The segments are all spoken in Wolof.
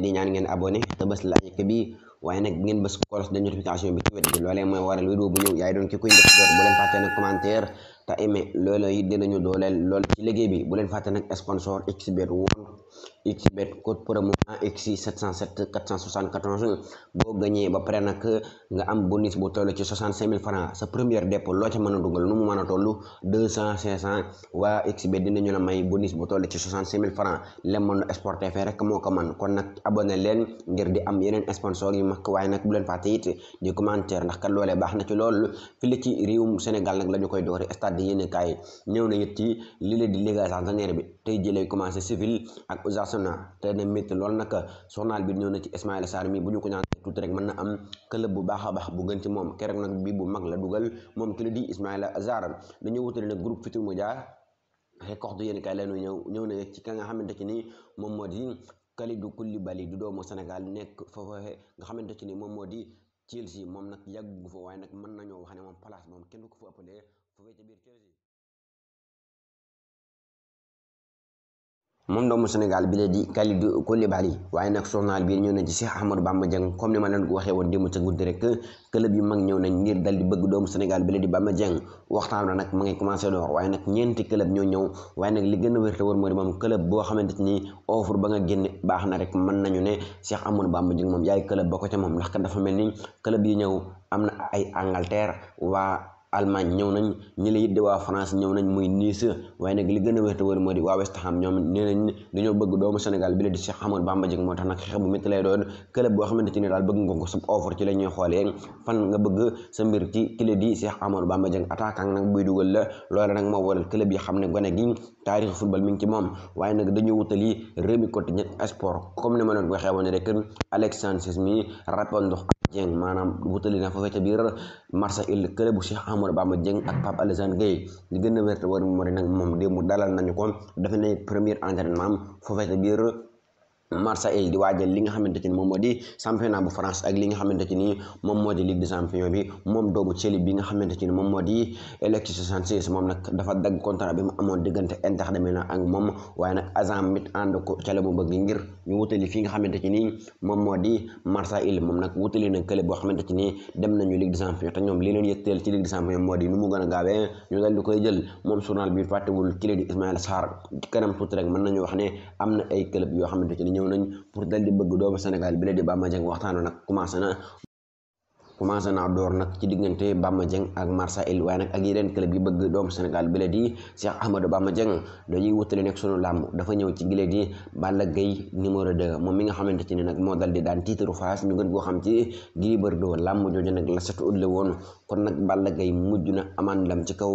di ñaan ngeen abonné te bés la ajëkk bi waaye ngeen bés kolos de notification bi ci wet gi mooy waral vidéo bu yaay doon ki koy njëkk jot bu leen fàtte te aimé loolu it dinañu dooleel lool ci liggéey bi bu leen fàtte nag sponsor xbet won xbet code promo AXI 707 474 boo gañee ba pare nag nga am bonus bu toll ci 65000 francs sa première dépôt loo ca mën a dugal nu mu mën a toll waa xbet dinañu la may bonus bu rek moo ko man kon nag abonné leen ngir di am yeneen sponsor yu mag waaye nag bu leen fàtte it di ndax kat loolee baax na ci lool fii la ci réewum Sénégal nag la koy doori di yéene kaay ñëw na it li lii la di liga centenaire bi tey ji lay commencé Séville ak Osasuna te na métti lool nag journal bi ñëw na ci Ismaïla Sarr mi bu ñu ko ñaan tuuti rek mën na am club bu baax baax bu gën ci moom keroog nag bu mag la dugal moom ki la di Ismaïla Sarr dañu wutale nag groupe Futurs Médias record yéen kaay la ñëw ñëw na ci ka nga xamante ni moom moo di Kalidou Koulibaly du doomu Sénégal nekk foofu nga xamante ci ni moom moo di Chelsea moom nag yàggu fa waaye nag mën nañoo wax ne moom place moom kenn du ko pouvez te biir moom doomu Sénégal bi la di Kalidou Koulibaly waaye nag journal bi ñëw nañ ci Cheikh Ahmadou Bamba Dieng comme ni ma leen ko waxee woon démb ca guddi rek club yu nañ ngir dal di bëgg doomu Sénégal bi la di Bamba Dieng waxtaan na nag ma ngi commencé door waaye nag ñeenti club ñoo ñëw waaye nag li gën a wér te wër moo moom club boo xamante ni offre ba nga génne baax na rek mën nañu ne Cheikh Ahmadou Bamba Dieng moom yaay club ba ko ca moom ndax ka dafa mel ni club yi ñëw am na ay Angleterre waa Allemagne ñëw nañ ñi la it di ñëw nañ muy Nice waaye nag li gën a wér te wër moo di waa West Ham ñoom nee nañ dañoo bëgg doomu Sénégal bi la di Cheikh Ahmadou Bamba Dieng moo tax nag xeex bu métti lay ne daal bëgg nga ko sub offre ci la ñuy xoolee fan nga bëgg sa mbir ci ki la di Cheikh Ahmadou Bamba nag buy dugal la loolu nag moo waral club yi xam ne gone gi taarix football mi ngi moom waaye nag dañoo wutali Rémi Coty ñett sport comme ni ma leen ko waxee woon rek Alexandre Cissé mi rapport ndox Dieng maanaam wutali na foofee ca biir Marseille kële bu Cheikh Ahmadou Bamba Dieng ak Pape Alassane Gueye li gën a wér te moo di dalal nañu ko defe ne premier entraînement am foofee ca Marseille di waajal li nga xamante ci ni moom moo di championnat bu France ak ni moom moo di Ligue des champions bi moom moom moo di Alexis Sanchez moom nag dafa dagg contrat bi mu amoon diggante Inter de Milan ak moom waaye nag agent mit ànd ko ca la mu ngir ñu wutali fi nga xamante ci ni moom moo di Marseille moom nag wutali na club boo xamante ci ni dem nañu Ligue des champions te ñoom li leen yëtteel ci Ligue des champions moo di nu mu a kanam tuuti rek mën nañu wax ne am na ay club yoo xamante ci ni ñëw nañ pour dal di bëgg doomu Sénégal bi la di Bamba Dieng waxtaanoo nag commencé na commencé naa door nag ci diggante Bamba Dieng ak Marseille waaye nag ak yeneen club yi bëgg doomu Sénégal bi la di Cheikh Ahmadou Bamba Dieng dañuy wutale nekk sunu làmb dafa ñëw ci gile di Balla Gaye numéro 2 moom mi nga xamante ci ne nag moo dal di daan tiitaru Fass ñu gën koo xam ci Gris Bordeaux làmb jooju nag la setu ut la woon kon nag Balla Gaye mujj na amaan lam ci kaw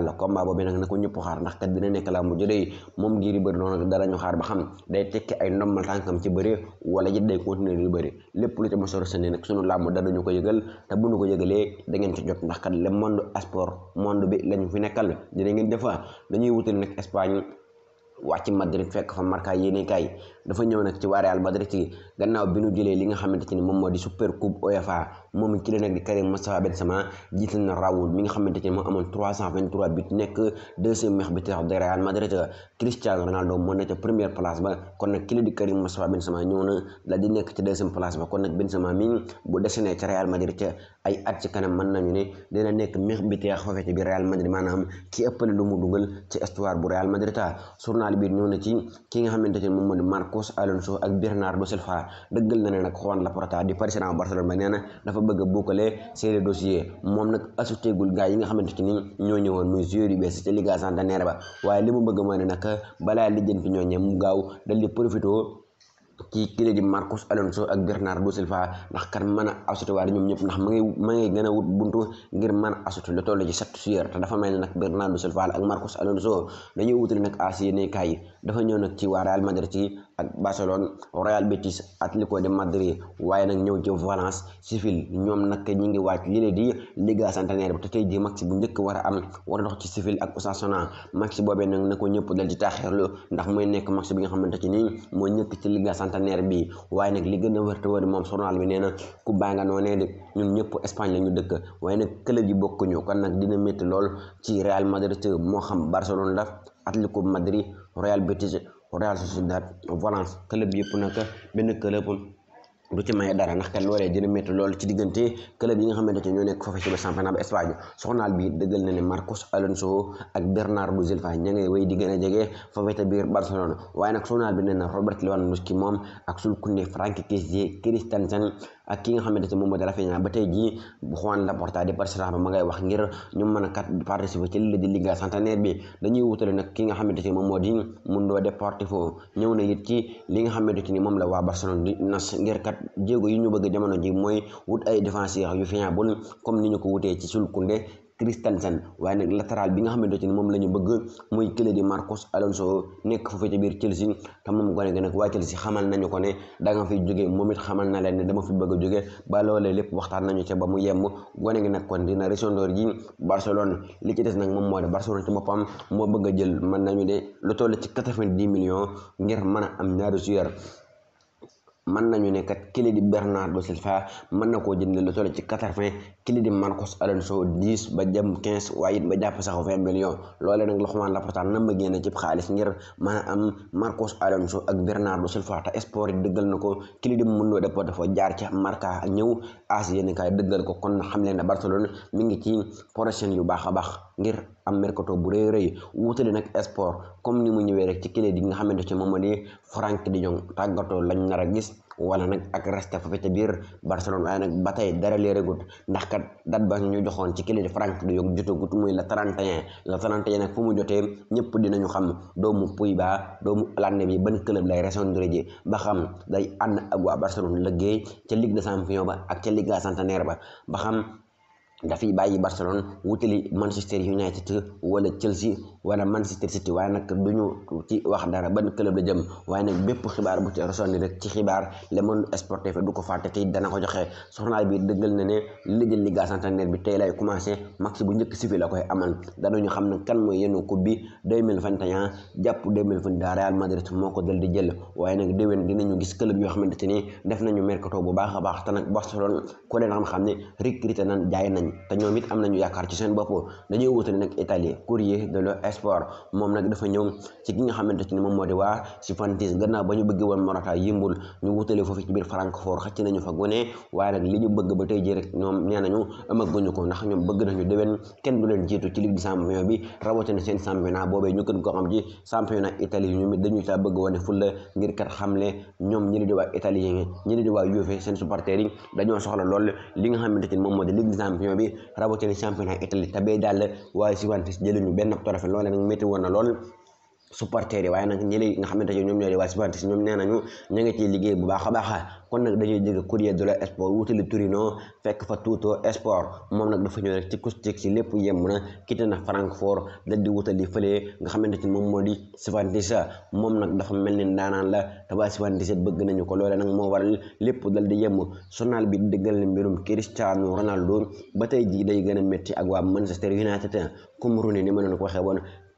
Fall combat boobu nag na ko ñëpp xaar ndax kat dina nekk laa mu jodey moom Gris Bordeaux noonu darañu xaar ba xam day tekki ay ndommal tànkam ci bëri wala it day continuer di bëri lépp lu ci mos a seen nag sunu làmb danañu ko yëgal te bu ñu ko yëgalee da ngeen ci jot ndax kat le monde sport monde bi lañu fi nekkal dina ngeen defa dañuy wutali nag Espagne wàcc Madrid fekk fa Marca yéene kaay dafa ñëw nag ci waa Real Madrid ci gannaaw bi nu jëlee li nga xamante ni moom moo di super coupe UEFA moom ki la nag di Karim Moustapha Benzema jiital na Raoul mi nga xamante ni moo amoon 323 but nekk deuxième meilleur buteur de Real Madrid Cristiano Ronaldo moo nekk ca première place ba kon nag ki la di na la di nekk ci deuxième place ba kon nag Benzema mi bu desenee ca Real Madrid ca ay at ci kanam nekk meilleur buteur foofee ci biir Real Madrid bi ñëw na xamante ni moom moo di Marc Marcos Alonso ak Bernardo Silva dëggal na ne nag Juan Laporta di Paris Saint-Germain Barcelone ba na a boucler seen dossier yi nga xamante ni ñoo ñëwoon muy joueur yu bees ci Liga Santander ba waaye li mu bëgg mooy ne nag balaa lijjanti ñooñee mu gaaw dal di profité ci kilé di Marcos Alonso ak Bernardo Silva ndax kan mën a asuté waat ñoom ñëpp ndax ma ngay ma ngay gën a wut buntu ngir a asuté lu toll ci dafa mel ne nag Bernardo Silva ak Marcos Alonso dañuy wutale nag as yéene kaay dafa ñëw nag ci waa Real Madrid ak Barcelone Real Betis Atlético de Madrid waaye nag ñëw ci Valence Seville ñoom nag ñi ngi wàcc lile di Liga Santander bi te tey ji njëkk war a am war a dox ci Seville ak Osasuna match bi waaye nag li gën a wërte moom journal bi nee ku baa nga noonee de ñun ñëpp Espagne la dëkk waaye nag club bokkuñu kon nag dina métti lool ci Real Madrid moo xam Barcelone la Madrid Real Betis Real Sociedad Valence club yëpp nag benn club du ci maye dara ndax kat loolee dina métti loolu ci diggante club yi nga xamante ne ñoo nekk foofu ci championnat bu Espagne soxnaal bi dëggal na ne Marcos Alonso ak Bernardo Silva ña ngay wéy di gën a jege foofu te biir Barcelona waaye na soxnaal bi nee na Robert Lewandowski moom ak sulkunde Franck Kessié Christensen ak ki nga xamante ne moom moo di Rafinha ba tey jii Juan Laporta di président ba ma ngay wax ngir ñu a kat participer ci li di Liga Santander bi dañuy wutale nag ki nga xamante ne moom moo di Mundo Deportivo ñëw na it ci li nga xamante ni moom la waa Barcelone di nas ngir kat jéego yu ñu bëgg jamono ji mooy wut ay défenseurs yu fiable comme ni ñu ko wutee ci Jules Koundé Christensen waaye nag latéral bi nga xamante ne moom la ñu bëgg muy kële di Marcos Alonso nekk foofu ci biir Chelsea te mu gone gi nag waa Chelsea xamal nañu ko ne da nga fiy jóge moom it xamal na leen ne dama fi bëgg a jóge ba loolee lépp waxtaan nañu ca ba mu yemb gone gi nag kon dina resondor ji Barcelone li ci des nag moom moo de Barcelone ci boppam moo bëgg a jël mën nañu de lu toll ci quatre-vingt-dix ngir mën a am ñaari joueur mën nañu ne kat kii di Bernardo Silva mën na koo jënd lu toll ci quatre-vingt kii di Marcos Alonso dix ba jëm quinze waaye it ba jàpp sax vingt millions loolee nag Loxmaan Laporta a am Marcos Alonso ak Bernardo Silva te sport yi dëggal na ko kii di Mundo defoo jaar ca Marca ñëw AS yéen kaay dëggal ko kon xam na ne Barcelone mi ngi ci prochaine yu baax a baax. ngir am mercato bu rëy rëy wuutale nag sport comme ni mu ñëwee rek ci kilé di nga xamante ci moom moo di Franck di Jong tàggatoo lañ nar a gis wala nag ak resté fa ca biir Barcelone waaye nag ba tey dara leeragut ndax kat date ba ñu joxoon ci kilé di Franck de Jong jotagut muy la 31 la 31 nag fu mu jotee ñëpp dinañu xam doomu pays baa doomu Hollande bi ban club lay rejoindre ji ba xam day ànd ak waa Barcelone liggéey ca Ligue des Champions ba ak ca Liga Santander ba ba dafay bàyyi Barcelone wutali Manchester United wala Chelsea wala Manchester City waaye nag dara ban club la jëm waaye nag bépp xibaar bu ci rosonni rek ci xibaar Le Monde Sportif du ko fàtte te dana ko joxe journal bi dëggal na ne liggéey Liga Santander bi tey lay commencé match bu njëkk si fi la koy amal danañu xam ne kan mooy yenu coupe bi 2021 jàpp 2022 Real Madrid moo ko dal di jël waaye nag déwén dinañu gis club yoo xamante ni def nañu mercato bu baax a baax nañ nañ te ñoom it am nañu yaakaar ci seen bopp dañuy wutale ngir kat xamle ñoom ñi li waa italien ñi li waa Juve seen supporters yi soxla lool li nga xamante ni moom moo di ligue des champions bi rawatina championnat Italie tabee daal waaye Juventus jëluñu benn trophée loolee nag métti woon lool supporters yi waaye nag ñi nga xamante ne ñoom ñoo di waa supporters ñoom nee nañu ñu ngi ciy liggéey bu baax a baax kon nag dañuy jóge Corriere dello Sport wutali Torino fekk fa Tutto Sport moom nag dafa ñëw rek ci kustik ci lépp yem na quitté na Francfort dal di wutali fële nga xamante ni moom moo di Juventus moom nag dafa mel ni ndaanaan la te waa Juventus bëgg nañu ko loole nag moo waral lépp dal di yem journal bi dëggal na mbirum Cristiano Ronaldo ba tey jii day gën a métti ak waa Manchester United comme Rooney ni ma leen ko waxee woon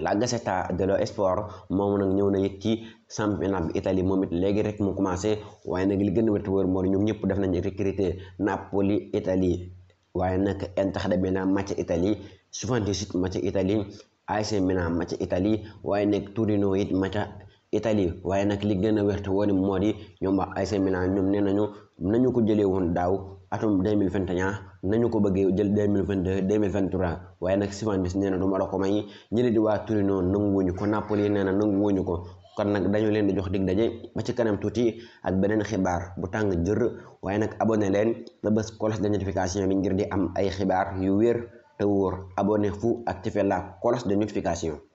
la Gazzetta dello Sport moom nag ñëw na yëg ci championnat bi Italie moom it léegi rek mu commencé waaye nag li gën a wér wër mooy ñoom ñëpp def nañu recruter Napoli Italie waaye nag Inter de Milan match Italie Juventus it match Italie AC Milan match Italie waaye nag Torino it match Italie waaye nag li gën a wér wër moo di ñoom waa AC Milan ñoom nee nañu nañu ko jëlee woon daaw. atum 2021 nañu ko bëggee jël 2022 2023 waaye nag Juventus nee na du ma la ko may ñi di waa Torino nanguwuñu ko Napoli nee na nanguwuñu ko kon nag dañu leen di jox dig daje ba ci kanam tuuti ak beneen xibaar bu tàng jër waaye nag abonné leen nga bës cloche de notification bi ngir di am ay xibaar yu wér te wóor abonné fu activé la cloche de notification